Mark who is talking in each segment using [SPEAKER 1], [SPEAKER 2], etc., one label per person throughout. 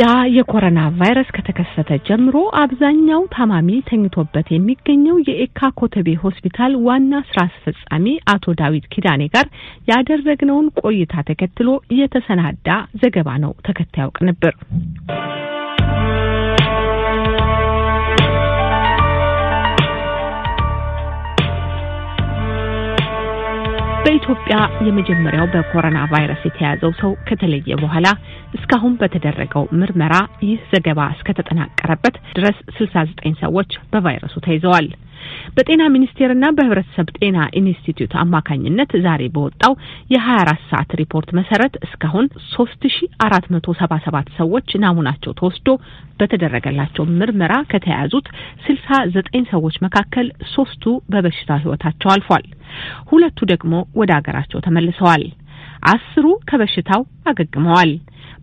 [SPEAKER 1] በኢትዮጵያ የኮሮና ቫይረስ ከተከሰተ ጀምሮ አብዛኛው ታማሚ ተኝቶበት የሚገኘው የኤካ ኮተቤ ሆስፒታል ዋና ስራ አስፈጻሚ አቶ ዳዊት ኪዳኔ ጋር ያደረግነውን ቆይታ ተከትሎ የተሰናዳ ዘገባ ነው። ተከታዩ ቅንብር በኢትዮጵያ የመጀመሪያው በኮሮና ቫይረስ የተያዘው ሰው ከተለየ በኋላ እስካሁን በተደረገው ምርመራ ይህ ዘገባ እስከተጠናቀረበት ድረስ 69 ሰዎች በቫይረሱ ተይዘዋል። በጤና ሚኒስቴርና በህብረተሰብ ጤና ኢንስቲትዩት አማካኝነት ዛሬ በወጣው የ24 ሰዓት ሪፖርት መሰረት እስካሁን 3477 ሰዎች ናሙናቸው ተወስዶ በተደረገላቸው ምርመራ ከተያያዙት 69 ሰዎች መካከል ሶስቱ በበሽታው ህይወታቸው አልፏል። ሁለቱ ደግሞ ወደ አገራቸው ተመልሰዋል። አስሩ ከበሽታው አገግመዋል።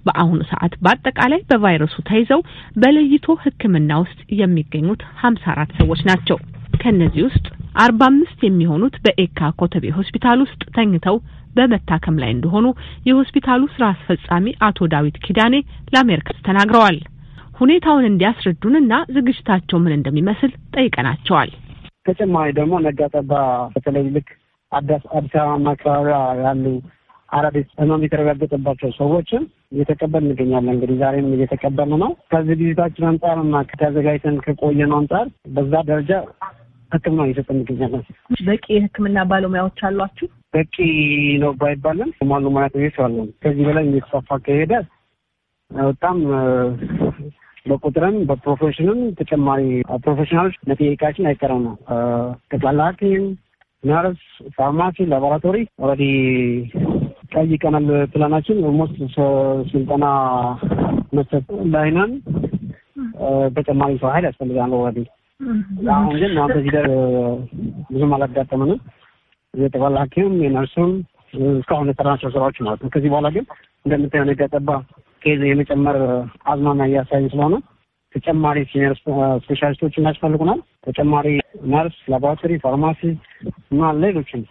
[SPEAKER 1] በአሁኑ ሰዓት በአጠቃላይ በቫይረሱ ተይዘው በለይቶ ሕክምና ውስጥ የሚገኙት አራት ሰዎች ናቸው። ከእነዚህ ውስጥ አርባ አምስት የሚሆኑት በኤካ ኮተቤ ሆስፒታል ውስጥ ተኝተው በመታከም ላይ እንደሆኑ የሆስፒታሉ ስራ አስፈጻሚ አቶ ዳዊት ኪዳኔ ለአሜሪካ ተናግረዋል። ሁኔታውን እንዲያስረዱንና ዝግጅታቸው
[SPEAKER 2] ምን እንደሚመስል
[SPEAKER 1] ጠይቀናቸዋል።
[SPEAKER 2] ተጨማሪ ደግሞ ነጋጠባ በተለይ ልክ አዲስ አበባ አካባቢዋ ያሉ አራቤት ህመም የተረጋገጠባቸው ሰዎችን እየተቀበል እንገኛለን። እንግዲህ ዛሬም እየተቀበል ነው። ከዝግጅታችን አንጻርና ከተዘጋጅተን ከቆየነው አንጻር በዛ ደረጃ ህክምና እየሰጠ እንገኛለን።
[SPEAKER 1] በቂ የህክምና
[SPEAKER 2] ባለሙያዎች አሏችሁ? በቂ ነው ባይባለን ማሉ ማለት ቤት አለ። ከዚህ በላይ እየተስፋፋ ከሄደ በጣም በቁጥርም በፕሮፌሽንም ተጨማሪ ፕሮፌሽናሎች መጠየቃችን አይቀርም ነው ጠቅላላ ሐኪም፣ ነርስ፣ ፋርማሲ፣ ላቦራቶሪ ኦልሬዲ ጠይቀናል። ፕላናችን ኦልሞስት ስልጠና መስጠት ላይ ነን። ተጨማሪ ሰው ኃይል ያስፈልጋል ኦልሬዲ አሁን ግን በዚህ ብዙም አላጋጠምንም። የጠቅላላ ሐኪምም የነርሱም እስካሁን የሰራናቸው ስራዎች ማለት ነው። ከዚህ በኋላ ግን እንደምታየው ነገ ጠባ ኬዝ የመጨመር አዝማሚያ እያሳይን ስለሆነ ተጨማሪ ሲኒየር ስፔሻሊስቶች እናስፈልጉናል። ተጨማሪ ነርስ፣ ላቦራቶሪ፣ ፋርማሲ እና ሌሎችም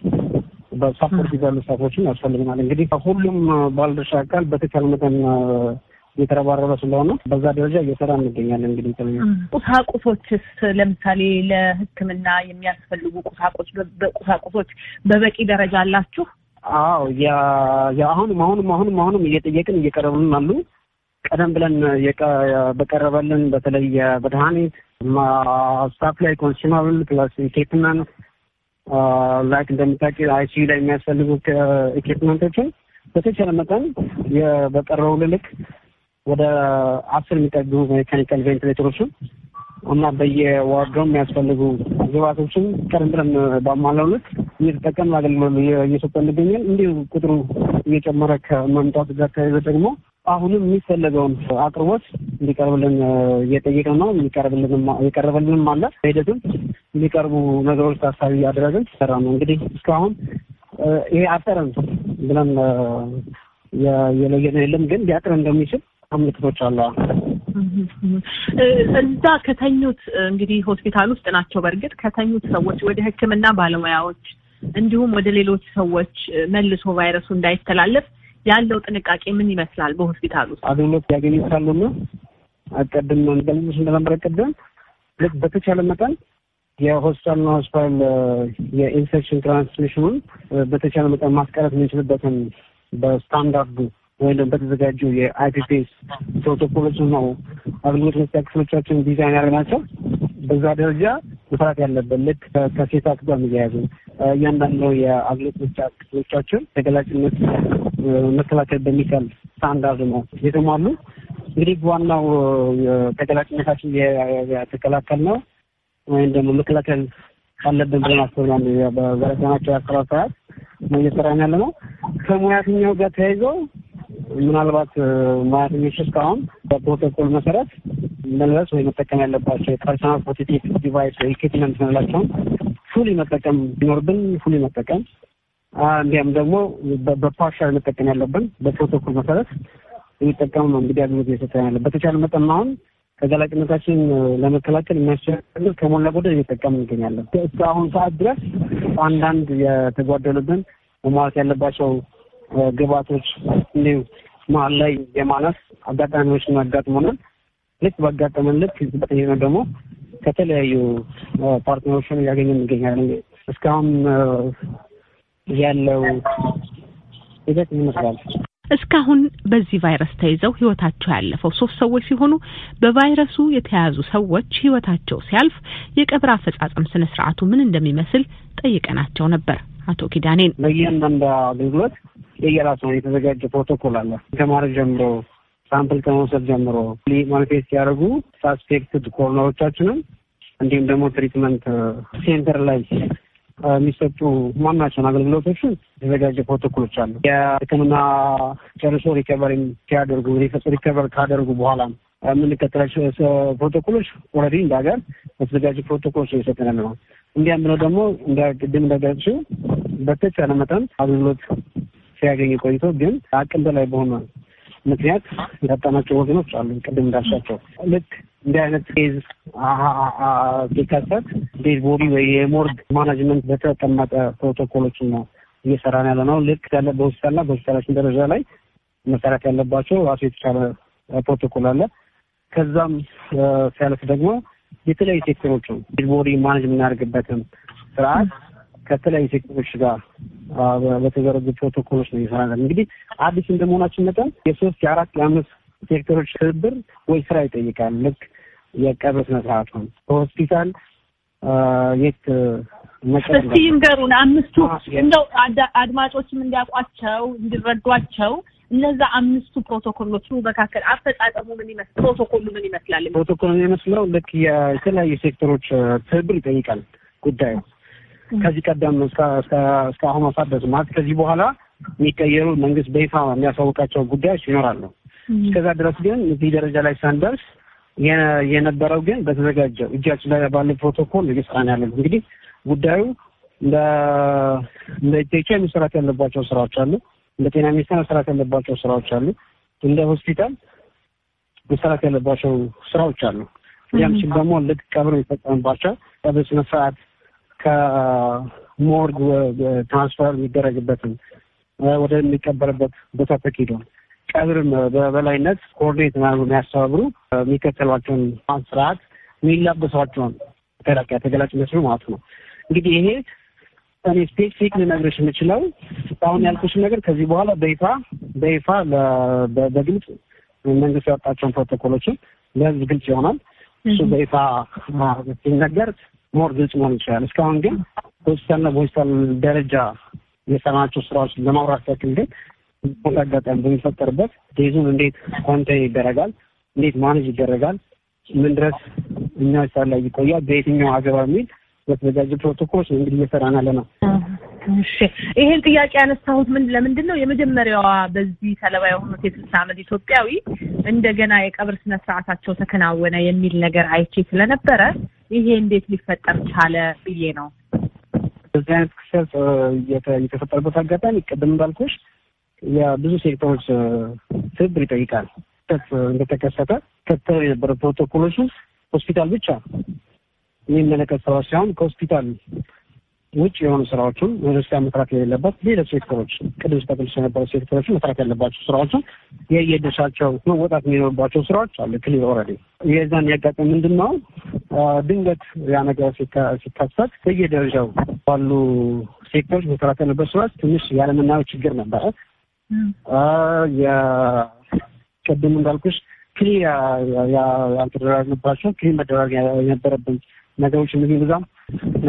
[SPEAKER 2] በሳፖርት ይዛሉ ስታፎችን ያስፈልጉናል። እንግዲህ ሁሉም ባለድርሻ አካል በተቻለ መጠን የተረባረበ ስለሆነ በዛ ደረጃ እየሰራ እንገኛለን። እንግዲህ
[SPEAKER 1] ቁሳቁሶችስ ለምሳሌ ለሕክምና የሚያስፈልጉ ቁሳቁሶች ቁሳቁሶች በበቂ ደረጃ አላችሁ?
[SPEAKER 2] አዎ አሁንም አሁንም አሁንም አሁንም እየጠየቅን እየቀረብን አሉ። ቀደም ብለን በቀረበልን በተለይ የመድኃኒት ሳፕላይ ኮንሱማብል ፕላስ ኢኬፕመንት ላይክ እንደምታውቂው አይሲዩ ላይ የሚያስፈልጉ ኢኬፕመንቶችን በተቻለ መጠን በቀረው ልልክ ወደ አስር የሚጠጉ ሜካኒካል ቬንትሌተሮችን እና በየዋርዶም የሚያስፈልጉ ግባቶችን ቀደም ብለን ባሟላው ልክ እየተጠቀምን አገልግሎት እየሰጠ እንገኛል። እንዲሁ ቁጥሩ እየጨመረ ከመምጣቱ ጋር ተያይዘ ደግሞ አሁንም የሚፈለገውን አቅርቦት እንዲቀርብልን እየጠየቀ ነው። የቀረበልንም አለ። ሂደቱም የሚቀርቡ ነገሮች ታሳቢ አድረግን ሰራ ነው። እንግዲህ እስካሁን ይሄ አጠረን ብለን የለየነው የለም፣ ግን ሊያጥር እንደሚችል ምልክቶች አሉ።
[SPEAKER 1] እዛ ከተኙት እንግዲህ ሆስፒታል ውስጥ ናቸው። በእርግጥ ከተኙት ሰዎች ወደ ሕክምና ባለሙያዎች እንዲሁም ወደ ሌሎች ሰዎች መልሶ ቫይረሱ እንዳይተላለፍ ያለው ጥንቃቄ ምን
[SPEAKER 2] ይመስላል? በሆስፒታል ውስጥ አብነት ያገኙት ሳሉና አቀድም እንደልሽ እንደነበረ ቅድም ልክ በተቻለ መጠን የሆስፒታልና ሆስፒታል የኢንፌክሽን ትራንስሚሽኑን በተቻለ መጠን ማስቀረት የምንችልበትን በስታንዳርዱ ወይም ደግሞ በተዘጋጀው የአይፒፒኤስ ፕሮቶኮሎች ነው አገልግሎት መስጫ ክፍሎቻችን ዲዛይን ያደረግናቸው። በዛ ደረጃ መስራት ያለበት ልክ ከሴታት ጋር የሚያያዙ እያንዳንዱ የአገልግሎት መስጫ ክፍሎቻችን ተገላጭነት መከላከል በሚቻል ስታንዳርድ ነው የተሟሉ። እንግዲህ ዋናው ተገላጭነታችን የተከላከል ነው ወይም ደግሞ መከላከል አለብን ብለን አስበናል። በዘረጋናቸው የአሰራር ሰዓት ነው እየሰራን ያለ ነው። ከሙያተኛው ጋር ተያይዘው ምናልባት ሙያተኞች እስካሁን በፕሮቶኮል መሰረት መልበስ ወይ መጠቀም ያለባቸው የፐርሰናል ፕሮቴክቲቭ ዲቫይስ ወይ ኢኩፕመንት ምንላቸውን ፉሊ መጠቀም ቢኖርብን ፉሊ መጠቀም፣ እንዲያም ደግሞ በፓርሻል መጠቀም ያለብን በፕሮቶኮል መሰረት የሚጠቀሙ ነው። እንግዲህ አግሎት እየሰጠ ያለ በተቻለ መጠን አሁን ተጋላጭነታችን ለመከላከል የሚያስችል ከሞላ ጎደል እየጠቀምን እንገኛለን። እስከ አሁን ሰዓት ድረስ አንዳንድ የተጓደሉብን መሟላት ያለባቸው ግባቶች እንዲሁም መሀል ላይ የማነስ አጋጣሚዎች ያጋጥሙናል። ልክ በአጋጠመን ልክ በጠየቅ ነው ደግሞ ከተለያዩ ፓርትነሮችን እያገኘን እንገኛለን። እስካሁን ያለው ሂደት ይመስላል።
[SPEAKER 1] እስካሁን በዚህ ቫይረስ ተይዘው ህይወታቸው ያለፈው ሶስት ሰዎች ሲሆኑ በቫይረሱ የተያዙ ሰዎች ህይወታቸው ሲያልፍ የቀብር አፈጻጸም ስነ ስርዓቱ ምን እንደሚመስል ጠይቀናቸው ነበር።
[SPEAKER 2] አቶ ኪዳኔን በእያንዳንዱ አገልግሎት የየራሱ የተዘጋጀ ፕሮቶኮል አለ። ከማድረግ ጀምሮ ሳምፕል ከመውሰድ ጀምሮ ማኒፌስት ያደርጉ ሳስፔክትድ ኮሮናዎቻችንም እንዲሁም ደግሞ ትሪትመንት ሴንተር ላይ የሚሰጡ ማናቸውን አገልግሎቶችን የተዘጋጀ ፕሮቶኮሎች አሉ። የሕክምና ጨርሶ ሪከቨር ሲያደርጉ ሪከቨር ካደርጉ በኋላ የምንከተላቸው ፕሮቶኮሎች ኦልሬዲ እንደ ሀገር በተዘጋጀ ፕሮቶኮሎች እየሰጠን ነው። እንዲያም ብለው ደግሞ እንደ ቅድም እንደገለጽሽው በተቻለ መጠን አገልግሎት ሲያገኝ ቆይቶ ግን አቅም በላይ በሆነ ምክንያት ያጣናቸው ወገኖች አሉ። ቅድም እንዳልሻቸው ልክ እንዲህ አይነት ዝ ሲከሰት ቤት ወይ የሞርግ ማናጅመንት በተቀመጠ ፕሮቶኮሎችን ነው እየሰራን ያለ ነው። ልክ ያለ በሆስፒታልና በሆስፒታላችን ደረጃ ላይ መሰራት ያለባቸው ራሱ የተቻለ ፕሮቶኮል አለ። ከዛም ሲያልፍ ደግሞ የተለያዩ ሴክተሮች ቤት ቤዝቦሪ ማናጅ የምናደርግበትን ስርዓት ከተለያዩ ሴክተሮች ጋር በተዘረጉ ፕሮቶኮሎች ነው እየሰራ ያለ። እንግዲህ አዲስ እንደመሆናችን መጠን የሶስት የአራት የአምስት ሴክተሮች ትብብር ወይ ስራ ይጠይቃል። ልክ የቀብር ስነስርዓቱን በሆስፒታል የት እስቲ ይንገሩን።
[SPEAKER 1] አምስቱ እንደው አድማጮችም እንዲያውቋቸው እንዲረዷቸው እነዛ አምስቱ ፕሮቶኮሎቹ መካከል አፈጻጸሙ ምን ይመስል ፕሮቶኮሉ ምን ይመስላል?
[SPEAKER 2] ፕሮቶኮሉ የሚመስለው ልክ የተለያዩ ሴክተሮች ትብብር ይጠይቃል ጉዳዩ ከዚህ ቀደም እስከ አሁኗ ሰዓት ድረስ ማለት ከዚህ በኋላ የሚቀየሩ መንግስት በይፋ የሚያሳውቃቸው ጉዳዮች ይኖራሉ። እስከዛ ድረስ ግን እዚህ ደረጃ ላይ ሳንደርስ የነበረው ግን በተዘጋጀው እጃችን ላይ ባለ ፕሮቶኮል እየሰራን ያለ እንግዲህ ጉዳዩ እንደ ኢትዮጵያ መሰራት ያለባቸው ስራዎች አሉ። እንደ ጤና ሚኒስቴር መሰራት ያለባቸው ስራዎች አሉ። እንደ ሆስፒታል መሰራት ያለባቸው ስራዎች አሉ። ያም ሲል ደግሞ ልክ ቀብር የሚፈጸምባቸው ቀብር ስነስርዓት ከሞርግ ትራንስፈር የሚደረግበትን ወደሚቀበርበት ቦታ ተኪዶ ቀብርም በበላይነት ኮኦርዲኔት የሚያስተባብሩ የሚከተሏቸውን ማን ስርዓት የሚላበሷቸውን ተከላካይ ተገላጭ መስሉ ማለት ነው። እንግዲህ ይሄ እኔ ስፔሲፊክ ልነግርሽ የምችለው አሁን ያልኩሽ ነገር ከዚህ በኋላ በይፋ በይፋ በግልጽ መንግስት ያወጣቸውን ፕሮቶኮሎችን ለህዝብ ግልጽ ይሆናል። እሱ በይፋ ሲነገር ሞር ግልጽ መሆን ይችላል። እስካሁን ግን ሆስፒታልና በሆስፒታል ደረጃ የሰራናቸው ስራዎች ለማውራት ያክል ግን አጋጣሚ በሚፈጠርበት ዴዙን እንዴት ኮንቴን ይደረጋል፣ እንዴት ማኔጅ ይደረጋል፣ ምን ድረስ እኛ ሳት ላይ ይቆያል፣ በየትኛው አገባ የሚል በተዘጋጀ ፕሮቶኮሎች እንግዲህ እየሰራን አለ ነው።
[SPEAKER 1] እሺ ይሄን ጥያቄ ያነሳሁት ምን ለምንድን ነው የመጀመሪያዋ በዚህ ሰለባ የሆኑት የስልሳ ዓመት ኢትዮጵያዊ እንደገና የቀብር ስነ ስርዓታቸው ተከናወነ የሚል ነገር አይቼ ስለነበረ ይሄ እንዴት ሊፈጠር ቻለ ብዬ ነው።
[SPEAKER 2] በዚህ አይነት ክስተት የተፈጠረበት አጋጣሚ ቅድም እንዳልኩሽ የብዙ ሴክተሮች ትብብር ይጠይቃል። ክፍተት እንደተከሰተ ከተው የነበረ ፕሮቶኮሎች ውስጥ ሆስፒታል ብቻ የሚመለከት ስራዎች ሳይሆን ከሆስፒታል ውጭ የሆኑ ስራዎችን ዩኒቨርስቲ መስራት የሌለበት ሌሎች ሴክተሮች ቅድም ስጠቅልስ የነበረ ሴክተሮች መስራት ያለባቸው ስራዎችን የየድርሻቸው መወጣት የሚኖርባቸው ስራዎች አሉ። ክሊር ኦልሬዲ የዛን ያጋጠመው ምንድን ነው? ድንገት ያ ነገር ሲከሰት በየደረጃው ባሉ ሴክተሮች መስራት ያለበት ስራዎች ትንሽ ያለመናየው ችግር ነበረ። ቅድም እንዳልኩሽ ክሊ ያልተደራጅንባቸው ክሊ መደራጅ የነበረብን ነገሮች እነዚህ ብዛም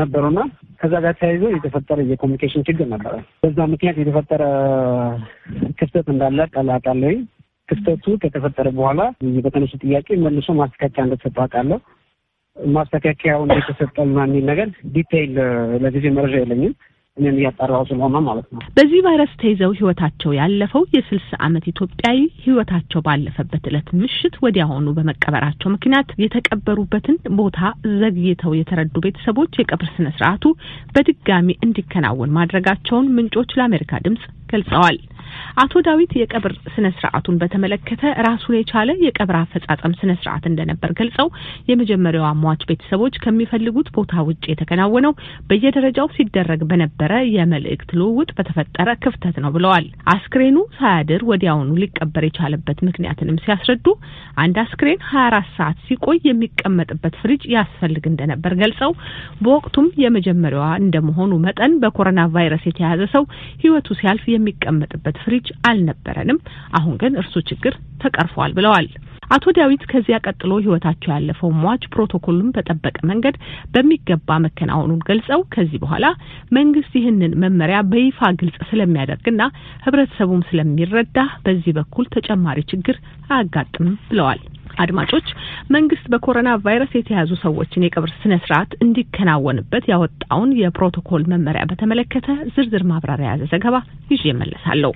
[SPEAKER 2] ነበሩና ከዛ ጋር ተያይዞ የተፈጠረ የኮሚኒኬሽን ችግር ነበረ። በዛ ምክንያት የተፈጠረ ክፍተት እንዳለ አውቃለሁ። ክፍተቱ ከተፈጠረ በኋላ በተነሱ ጥያቄ መልሶ ማስተካከያ እንደተሰጠ አውቃለሁ። ማስተካከያውን የተሰጠ ምናምን ነገር ዲቴይል ለጊዜ መረጃ የለኝም። እኔም እያጣራሁ ስለሆነ ማለት ነው።
[SPEAKER 1] በዚህ ቫይረስ ተይዘው ህይወታቸው ያለፈው የስልሳ ዓመት ኢትዮጵያዊ ህይወታቸው ባለፈበት እለት ምሽት ወዲያውኑ በመቀበራቸው ምክንያት የተቀበሩበትን ቦታ ዘግይተው የተረዱ ቤተሰቦች የቀብር ስነ ስርዓቱ በድጋሚ እንዲከናወን ማድረጋቸውን ምንጮች ለአሜሪካ ድምጽ ገልጸዋል። አቶ ዳዊት የቀብር ስነ ስርዓቱን በተመለከተ ራሱን የቻለ የቀብር አፈጻጸም ስነ ስርዓት እንደነበር ገልጸው የመጀመሪያው አሟች ቤተሰቦች ከሚፈልጉት ቦታ ውጭ የተከናወነው በየደረጃው ሲደረግ በነበረ የመልእክት ልውውጥ በተፈጠረ ክፍተት ነው ብለዋል። አስክሬኑ ሳያድር ወዲያውኑ ሊቀበር የቻለበት ምክንያትንም ሲያስረዱ አንድ አስክሬን 24 ሰዓት ሲቆይ የሚቀመጥበት ፍሪጅ ያስፈልግ እንደነበር ገልጸው በወቅቱም የመጀመሪያዋ እንደመሆኑ መጠን በኮሮና ቫይረስ የተያዘ ሰው ህይወቱ ሲያልፍ የሚቀመጥበት የመብራት ፍሪጅ አልነበረንም። አሁን ግን እርሱ ችግር ተቀርፏል ብለዋል። አቶ ዳዊት ከዚያ ቀጥሎ ህይወታቸው ያለፈው ሟች ፕሮቶኮሉን በጠበቀ መንገድ በሚገባ መከናወኑን ገልጸው ከዚህ በኋላ መንግስት ይህንን መመሪያ በይፋ ግልጽ ስለሚያደርግና ህብረተሰቡም ስለሚረዳ በዚህ በኩል ተጨማሪ ችግር አያጋጥምም ብለዋል። አድማጮች መንግስት በኮሮና ቫይረስ የተያዙ ሰዎችን የቀብር ስነ ስርዓት እንዲከናወንበት ያወጣውን የፕሮቶኮል መመሪያ በተመለከተ ዝርዝር ማብራሪያ የያዘ ዘገባ ይዤ እመለሳለሁ።